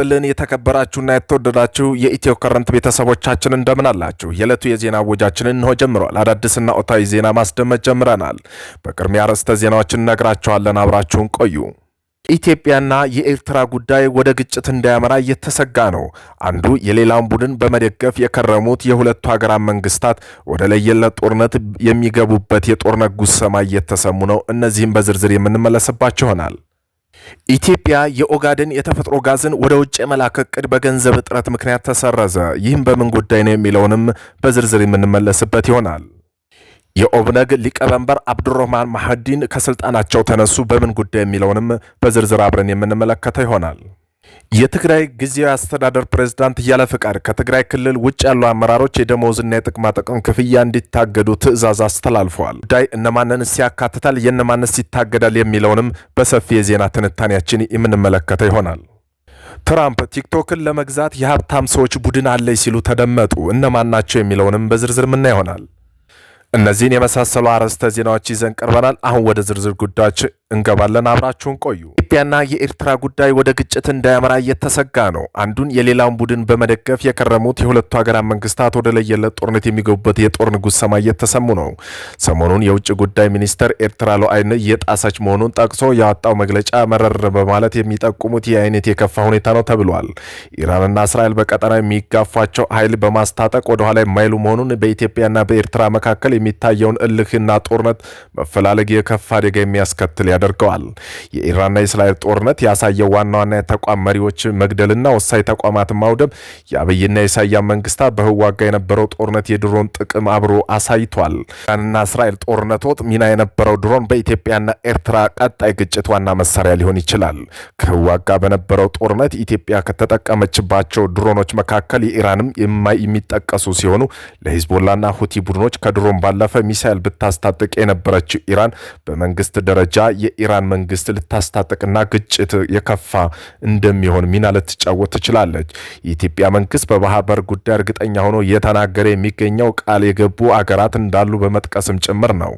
ይስጥልን የተከበራችሁና የተወደዳችሁ የኢትዮ ከረንት ቤተሰቦቻችን እንደምን አላችሁ? የዕለቱ የዜና እወጃችንን እንሆ ጀምረዋል። አዳዲስና ኦታዊ ዜና ማስደመጥ ጀምረናል። በቅድሚያ ርዕሰ ዜናዎችን እነግራችኋለን። አብራችሁን ቆዩ። ኢትዮጵያና የኤርትራ ጉዳይ ወደ ግጭት እንዳያመራ እየተሰጋ ነው። አንዱ የሌላውን ቡድን በመደገፍ የከረሙት የሁለቱ ሀገራት መንግስታት ወደ ለየለት ጦርነት የሚገቡበት የጦርነት ጉሰማ እየተሰሙ ነው። እነዚህም በዝርዝር የምንመለስባቸው ይሆናል። ኢትዮጵያ የኦጋድን የተፈጥሮ ጋዝን ወደ ውጭ የመላክ እቅድ በገንዘብ እጥረት ምክንያት ተሰረዘ። ይህም በምን ጉዳይ ነው የሚለውንም በዝርዝር የምንመለስበት ይሆናል። የኦብነግ ሊቀመንበር አብዱረህማን ማህዲን ከስልጣናቸው ተነሱ። በምን ጉዳይ የሚለውንም በዝርዝር አብረን የምንመለከተው ይሆናል። የትግራይ ጊዜያዊ አስተዳደር ፕሬዝዳንት ያለ ፍቃድ ከትግራይ ክልል ውጭ ያሉ አመራሮች የደሞዝና የጥቅማ ክፍያ እንዲታገዱ ትዕዛዝ አስተላልፈዋል። ጉዳይ እነማንንስ ያካትታል፣ የእነማንስ ይታገዳል የሚለውንም በሰፊ የዜና ትንታኔያችን የምንመለከተው ይሆናል። ትራምፕ ቲክቶክን ለመግዛት የሀብታም ሰዎች ቡድን አለኝ ሲሉ ተደመጡ። እነማን ናቸው የሚለውንም በዝርዝር ምና ይሆናል። እነዚህን የመሳሰሉ አርዕስተ ዜናዎች ይዘን ቀርበናል። አሁን ወደ ዝርዝር ጉዳዮች እንገባለን። አብራችሁን ቆዩ። የኢትዮጵያና የኤርትራ ጉዳይ ወደ ግጭት እንዳያመራ እየተሰጋ ነው። አንዱን የሌላውን ቡድን በመደገፍ የከረሙት የሁለቱ ሀገራት መንግስታት ወደ ለየለት ጦርነት የሚገቡበት የጦር ንጉሥ ሰማይ እየተሰሙ ነው። ሰሞኑን የውጭ ጉዳይ ሚኒስተር ኤርትራ ሉዓላዊነትን እየጣሰች መሆኑን ጠቅሶ ያወጣው መግለጫ መረር በማለት የሚጠቁሙት ይህ አይነት የከፋ ሁኔታ ነው ተብሏል። ኢራንና እስራኤል በቀጠና የሚጋፏቸው ኃይል በማስታጠቅ ወደኋላ የማይሉ መሆኑን በኢትዮጵያና በኤርትራ መካከል የሚታየውን እልህና ጦርነት መፈላለግ የከፋ አደጋ የሚያስከትል ያደርገዋል። የኢራንና የእስራኤል ጦርነት ያሳየው ዋና ዋና የተቋም መሪዎች መግደልና ወሳኝ ተቋማት ማውደም የአብይና የኢሳያ መንግስታት በህዋጋ የነበረው ጦርነት የድሮን ጥቅም አብሮ አሳይቷል። ኢራንና እስራኤል ጦርነት ወጥ ሚና የነበረው ድሮን በኢትዮጵያና ኤርትራ ቀጣይ ግጭት ዋና መሳሪያ ሊሆን ይችላል። ከህዋጋ በነበረው ጦርነት ኢትዮጵያ ከተጠቀመችባቸው ድሮኖች መካከል የኢራንም የሚጠቀሱ ሲሆኑ ለሂዝቦላና ሁቲ ቡድኖች ከድሮን ባለፈ ሚሳኤል ብታስታጥቅ የነበረችው ኢራን በመንግስት ደረጃ የኢራን መንግስት ልታስታጥቅ ትርክና ግጭት የከፋ እንደሚሆን ሚና ልትጫወት ትችላለች። የኢትዮጵያ መንግስት በባህር በር ጉዳይ እርግጠኛ ሆኖ እየተናገረ የሚገኘው ቃል የገቡ አገራት እንዳሉ በመጥቀስም ጭምር ነው።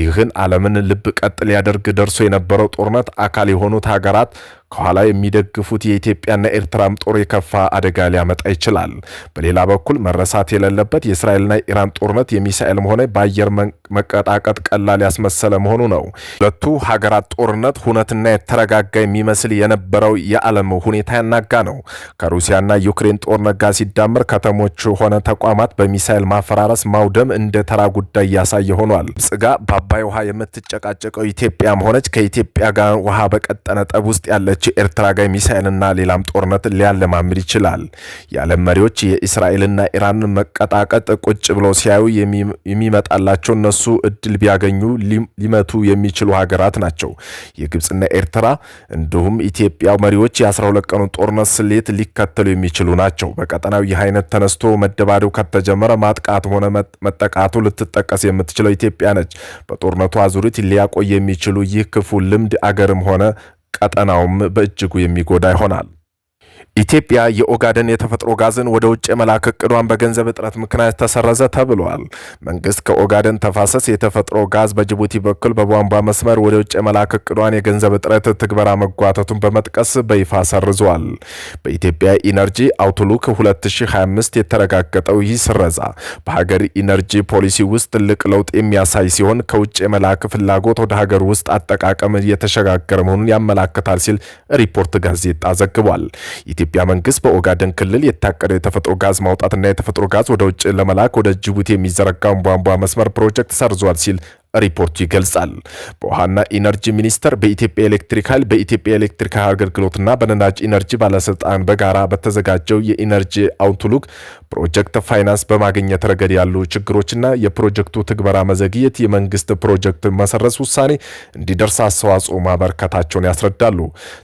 ይህን ዓለምን ልብ ቀጥ ሊያደርግ ደርሶ የነበረው ጦርነት አካል የሆኑት ሀገራት ከኋላ የሚደግፉት የኢትዮጵያና ኤርትራም ጦር የከፋ አደጋ ሊያመጣ ይችላል። በሌላ በኩል መረሳት የሌለበት የእስራኤልና ኢራን ጦርነት የሚሳኤልም ሆነ በአየር መቀጣቀጥ ቀላል ያስመሰለ መሆኑ ነው። ሁለቱ ሀገራት ጦርነት ሁነትና የተረጋጋ የሚመስል የነበረው የዓለም ሁኔታ ያናጋ ነው። ከሩሲያና ዩክሬን ጦርነት ጋር ሲዳመር ከተሞች ሆነ ተቋማት በሚሳኤል ማፈራረስ፣ ማውደም እንደ ተራ ጉዳይ እያሳየ ሆኗል። ግብጽ ጋር በአባይ ውሃ የምትጨቃጨቀው ኢትዮጵያም ሆነች ከኢትዮጵያ ጋር ውሃ በቀጠነ ጠብ ውስጥ ያለች ኤርትራ ጋር ሚሳኤልና ሌላም ጦርነት ሊያለማምድ ይችላል። የዓለም መሪዎች የእስራኤልና ኢራንን መቀጣቀጥ ቁጭ ብለው ሲያዩ የሚመጣላቸው እነሱ እድል ቢያገኙ ሊመቱ የሚችሉ ሀገራት ናቸው። የግብፅና ኤርትራ እንዲሁም ኢትዮጵያ መሪዎች የ12 ቀኑ ጦርነት ስሌት ሊከተሉ የሚችሉ ናቸው። በቀጠናው ይህ አይነት ተነስቶ መደባደው ከተጀመረ ማጥቃት ሆነ መጠቃቱ ልትጠቀስ የምትችለው ኢትዮጵያ ነች። በጦርነቱ አዙሪት ሊያቆይ የሚችሉ ይህ ክፉ ልምድ አገርም ሆነ ቀጠናውም በእጅጉ የሚጎዳ ይሆናል። ኢትዮጵያ የኦጋደን የተፈጥሮ ጋዝን ወደ ውጭ የመላክ እቅዷን በገንዘብ እጥረት ምክንያት ተሰረዘ ተብሏል። መንግስት ከኦጋደን ተፋሰስ የተፈጥሮ ጋዝ በጅቡቲ በኩል በቧንቧ መስመር ወደ ውጭ የመላክ እቅዷን የገንዘብ እጥረት ትግበራ መጓተቱን በመጥቀስ በይፋ ሰርዟል። በኢትዮጵያ ኢነርጂ አውትሉክ 2025 የተረጋገጠው ይህ ስረዛ በሀገር ኢነርጂ ፖሊሲ ውስጥ ትልቅ ለውጥ የሚያሳይ ሲሆን ከውጭ የመላክ ፍላጎት ወደ ሀገር ውስጥ አጠቃቀም እየተሸጋገረ መሆኑን ያመላክታል ሲል ሪፖርት ጋዜጣ ዘግቧል። የኢትዮጵያ መንግስት በኦጋደን ክልል የታቀደው የተፈጥሮ ጋዝ ማውጣትና የተፈጥሮ ጋዝ ወደ ውጭ ለመላክ ወደ ጅቡቲ የሚዘረጋውን ቧንቧ መስመር ፕሮጀክት ሰርዟል ሲል ሪፖርቱ ይገልጻል። በውሃና ኢነርጂ ሚኒስቴር በኢትዮጵያ ኤሌክትሪክ ኃይል በኢትዮጵያ ኤሌክትሪክ ኃይል አገልግሎትና በነዳጅ ኢነርጂ ባለስልጣን በጋራ በተዘጋጀው የኢነርጂ አውትሉክ ፕሮጀክት ፋይናንስ በማግኘት ረገድ ያሉ ችግሮችና የፕሮጀክቱ ትግበራ መዘግየት የመንግስት ፕሮጀክት መሰረስ ውሳኔ እንዲደርስ አስተዋጽኦ ማበርከታቸውን ያስረዳሉ።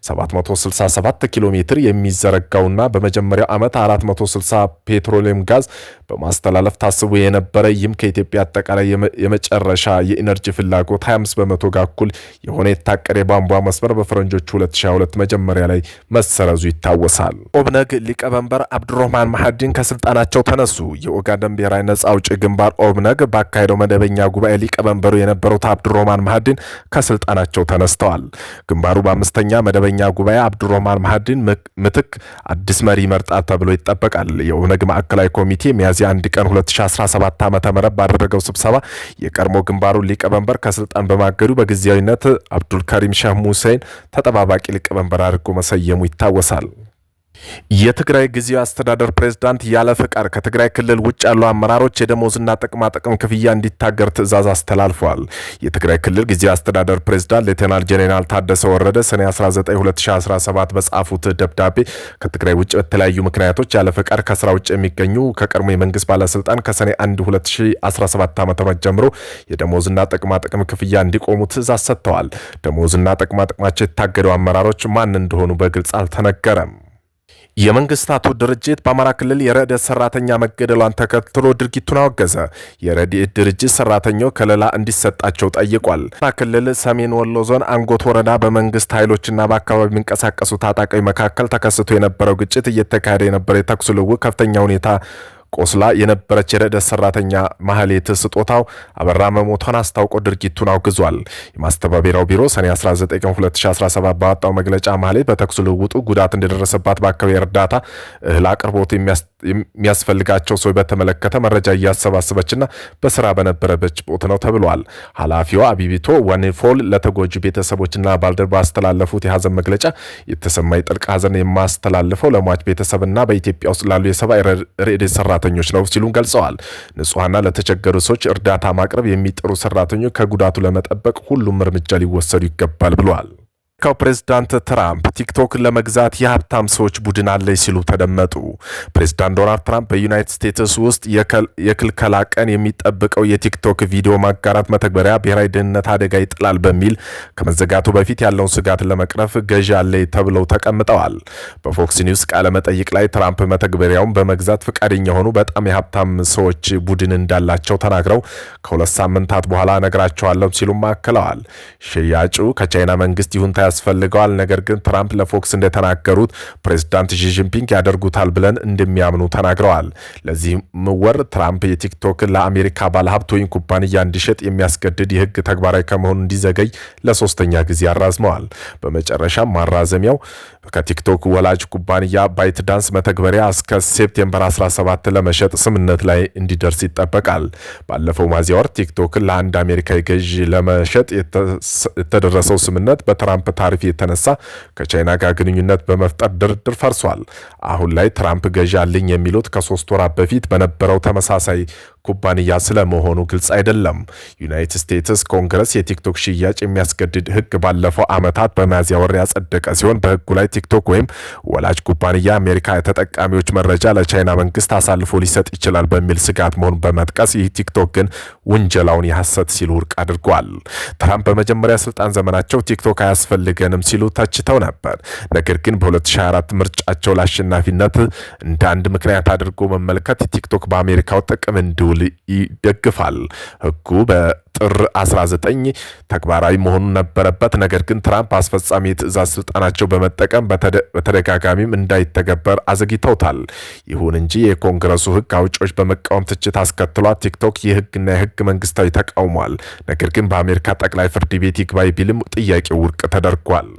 767 ኪሎ ሜትር የሚዘረጋውና በመጀመሪያው ዓመት 460 ፔትሮሊየም ጋዝ በማስተላለፍ ታስቦ የነበረ ይህም ከኢትዮጵያ አጠቃላይ የመጨረሻ ኢነርጂ ፍላጎት 25 በመቶ ጋር እኩል የሆነ የታቀደ የቧንቧ መስመር በፈረንጆቹ 2022 መጀመሪያ ላይ መሰረዙ ይታወሳል። ኦብነግ ሊቀመንበር አብዱራህማን ማሀዲን ከስልጣናቸው ተነሱ። የኦጋደን ብሔራዊ ነጻ አውጪ ግንባር ኦብነግ ባካሄደው መደበኛ ጉባኤ ሊቀመንበሩ የነበሩት አብዱራህማን ማሀዲን ከስልጣናቸው ተነስተዋል። ግንባሩ በአምስተኛ መደበኛ ጉባኤ አብዱራህማን ማሀዲን ምትክ አዲስ መሪ መርጣት ተብሎ ይጠበቃል። የኦብነግ ማዕከላዊ ኮሚቴ ሚያዝያ 1 ቀን 2017 ዓ ም ባደረገው ስብሰባ የቀድሞ ግንባሩ ሊቀመንበር ከስልጣን በማገዱ በጊዜያዊነት አብዱልከሪም ሻህ ሙሴን ተጠባባቂ ሊቀመንበር አድርጎ መሰየሙ ይታወሳል። የትግራይ ጊዜያዊ አስተዳደር ፕሬዝዳንት ያለ ፈቃድ ከትግራይ ክልል ውጭ ያሉ አመራሮች የደሞዝና ጥቅማጥቅም ክፍያ እንዲታገር ትዕዛዝ አስተላልፏል። የትግራይ ክልል ጊዜያዊ አስተዳደር ፕሬዝዳንት ሌተናል ጄኔራል ታደሰ ወረደ ሰኔ 19 2017 በጻፉት ደብዳቤ ከትግራይ ውጭ በተለያዩ ምክንያቶች ያለ ፈቃድ ከስራ ውጭ የሚገኙ ከቀድሞ የመንግስት ባለስልጣን ከሰኔ 1 2017 ም ጀምሮ የደሞዝና ጥቅማጥቅም ክፍያ እንዲቆሙ ትእዛዝ ሰጥተዋል። ደሞዝና ጥቅማጥቅማቸው የታገደው አመራሮች ማን እንደሆኑ በግልጽ አልተነገረም። የመንግስታቱ ድርጅት በአማራ ክልል የረድኤት ሰራተኛ መገደሏን ተከትሎ ድርጊቱን አወገዘ። የረድኤት ድርጅት ሰራተኛው ከለላ እንዲሰጣቸው ጠይቋል። አማራ ክልል ሰሜን ወሎ ዞን አንጎት ወረዳ በመንግስት ኃይሎችና በአካባቢ የሚንቀሳቀሱ ታጣቂ መካከል ተከስቶ የነበረው ግጭት እየተካሄደ የነበረው የተኩስ ልውውጥ ከፍተኛ ሁኔታ ቆስላ የነበረች የረዳት ሰራተኛ ማህሌት ስጦታው አበራ መሞቷን አስታውቆ ድርጊቱን አውግዟል። የማስተባበሪያው ቢሮ ሰኔ 19 ቀን 2017 ባወጣው መግለጫ ማህሌት በተኩስ ልውውጡ ጉዳት እንደደረሰባት በአካባቢ እርዳታ እህል አቅርቦት የሚያስፈልጋቸው ሰው በተመለከተ መረጃ እያሰባሰበችና በስራ በነበረበች ቦት ነው ተብሏል። ኃላፊዋ አቢቢቶ ወንፎል ለተጎጂ ቤተሰቦችና ባልደረባ ባስተላለፉት የሀዘን መግለጫ የተሰማኝ ጥልቅ ሀዘን የማስተላልፈው ለሟች ቤተሰብና በኢትዮጵያ ውስጥ ላሉ የሰብአዊ ረድኤት ሰራ ሰራተኞች ነው ሲሉም ገልጸዋል። ንጹሐና ለተቸገሩ ሰዎች እርዳታ ማቅረብ የሚጥሩ ሰራተኞች ከጉዳቱ ለመጠበቅ ሁሉም እርምጃ ሊወሰዱ ይገባል ብለዋል። የአሜሪካው ፕሬዝዳንት ትራምፕ ቲክቶክን ለመግዛት የሀብታም ሰዎች ቡድን አለኝ ሲሉ ተደመጡ። ፕሬዝዳንት ዶናልድ ትራምፕ በዩናይትድ ስቴትስ ውስጥ የክልከላ ቀን የሚጠብቀው የቲክቶክ ቪዲዮ ማጋራት መተግበሪያ ብሔራዊ ደህንነት አደጋ ይጥላል በሚል ከመዘጋቱ በፊት ያለውን ስጋት ለመቅረፍ ገዢ አለኝ ተብለው ተቀምጠዋል። በፎክስ ኒውስ ቃለመጠይቅ ላይ ትራምፕ መተግበሪያውን በመግዛት ፈቃደኛ የሆኑ በጣም የሀብታም ሰዎች ቡድን እንዳላቸው ተናግረው ከሁለት ሳምንታት በኋላ ነግራቸዋለሁ ሲሉም አክለዋል። ሽያጩ ከቻይና መንግስት ይሁንታ ያስፈልገዋል። ነገር ግን ትራምፕ ለፎክስ እንደተናገሩት ፕሬዚዳንት ሺጂንፒንግ ያደርጉታል ብለን እንደሚያምኑ ተናግረዋል። ለዚህም ወር ትራምፕ የቲክቶክ ለአሜሪካ ባለሀብት ወይም ኩባንያ እንዲሸጥ የሚያስገድድ የህግ ተግባራዊ ከመሆኑ እንዲዘገይ ለሶስተኛ ጊዜ አራዝመዋል። በመጨረሻም ማራዘሚያው ከቲክቶክ ወላጅ ኩባንያ ባይት ዳንስ መተግበሪያ እስከ ሴፕቴምበር 17 ለመሸጥ ስምነት ላይ እንዲደርስ ይጠበቃል። ባለፈው ሚያዝያ ወር ቲክቶክን ለአንድ አሜሪካዊ ገዢ ለመሸጥ የተደረሰው ስምነት በትራምፕ ታሪፍ የተነሳ ከቻይና ጋር ግንኙነት በመፍጠር ድርድር ፈርሷል። አሁን ላይ ትራምፕ ገዢ አለኝ የሚሉት ከሶስት ወራት በፊት በነበረው ተመሳሳይ ኩባንያ ስለመሆኑ ግልጽ አይደለም። ዩናይትድ ስቴትስ ኮንግረስ የቲክቶክ ሽያጭ የሚያስገድድ ህግ ባለፈው ዓመታት በሚያዝያ ወር ያጸደቀ ሲሆን በህጉ ላይ ቲክቶክ ወይም ወላጅ ኩባንያ አሜሪካ የተጠቃሚዎች መረጃ ለቻይና መንግስት አሳልፎ ሊሰጥ ይችላል በሚል ስጋት መሆኑን በመጥቀስ ይህ ቲክቶክ ግን ውንጀላውን የሐሰት ሲሉ ውድቅ አድርጓል። ትራምፕ በመጀመሪያ ስልጣን ዘመናቸው ቲክቶክ አያስፈልገንም ሲሉ ተችተው ነበር። ነገር ግን በ2024 ምርጫቸው ለአሸናፊነት እንደ አንድ ምክንያት አድርጎ መመልከት ቲክቶክ በአሜሪካው ጥቅም እንዲሁ እንዲውል ይደግፋል። ህጉ በጥር 19 ተግባራዊ መሆኑ ነበረበት። ነገር ግን ትራምፕ አስፈጻሚ የትእዛዝ ስልጣናቸው በመጠቀም በተደጋጋሚም እንዳይተገበር አዘግይተውታል። ይሁን እንጂ የኮንግረሱ ህግ አውጪዎች በመቃወም ትችት አስከትሏል። ቲክቶክ የህግና የህግ መንግስታዊ ተቃውሟል። ነገር ግን በአሜሪካ ጠቅላይ ፍርድ ቤት ይግባይ ቢልም ጥያቄው ውድቅ ተደርጓል።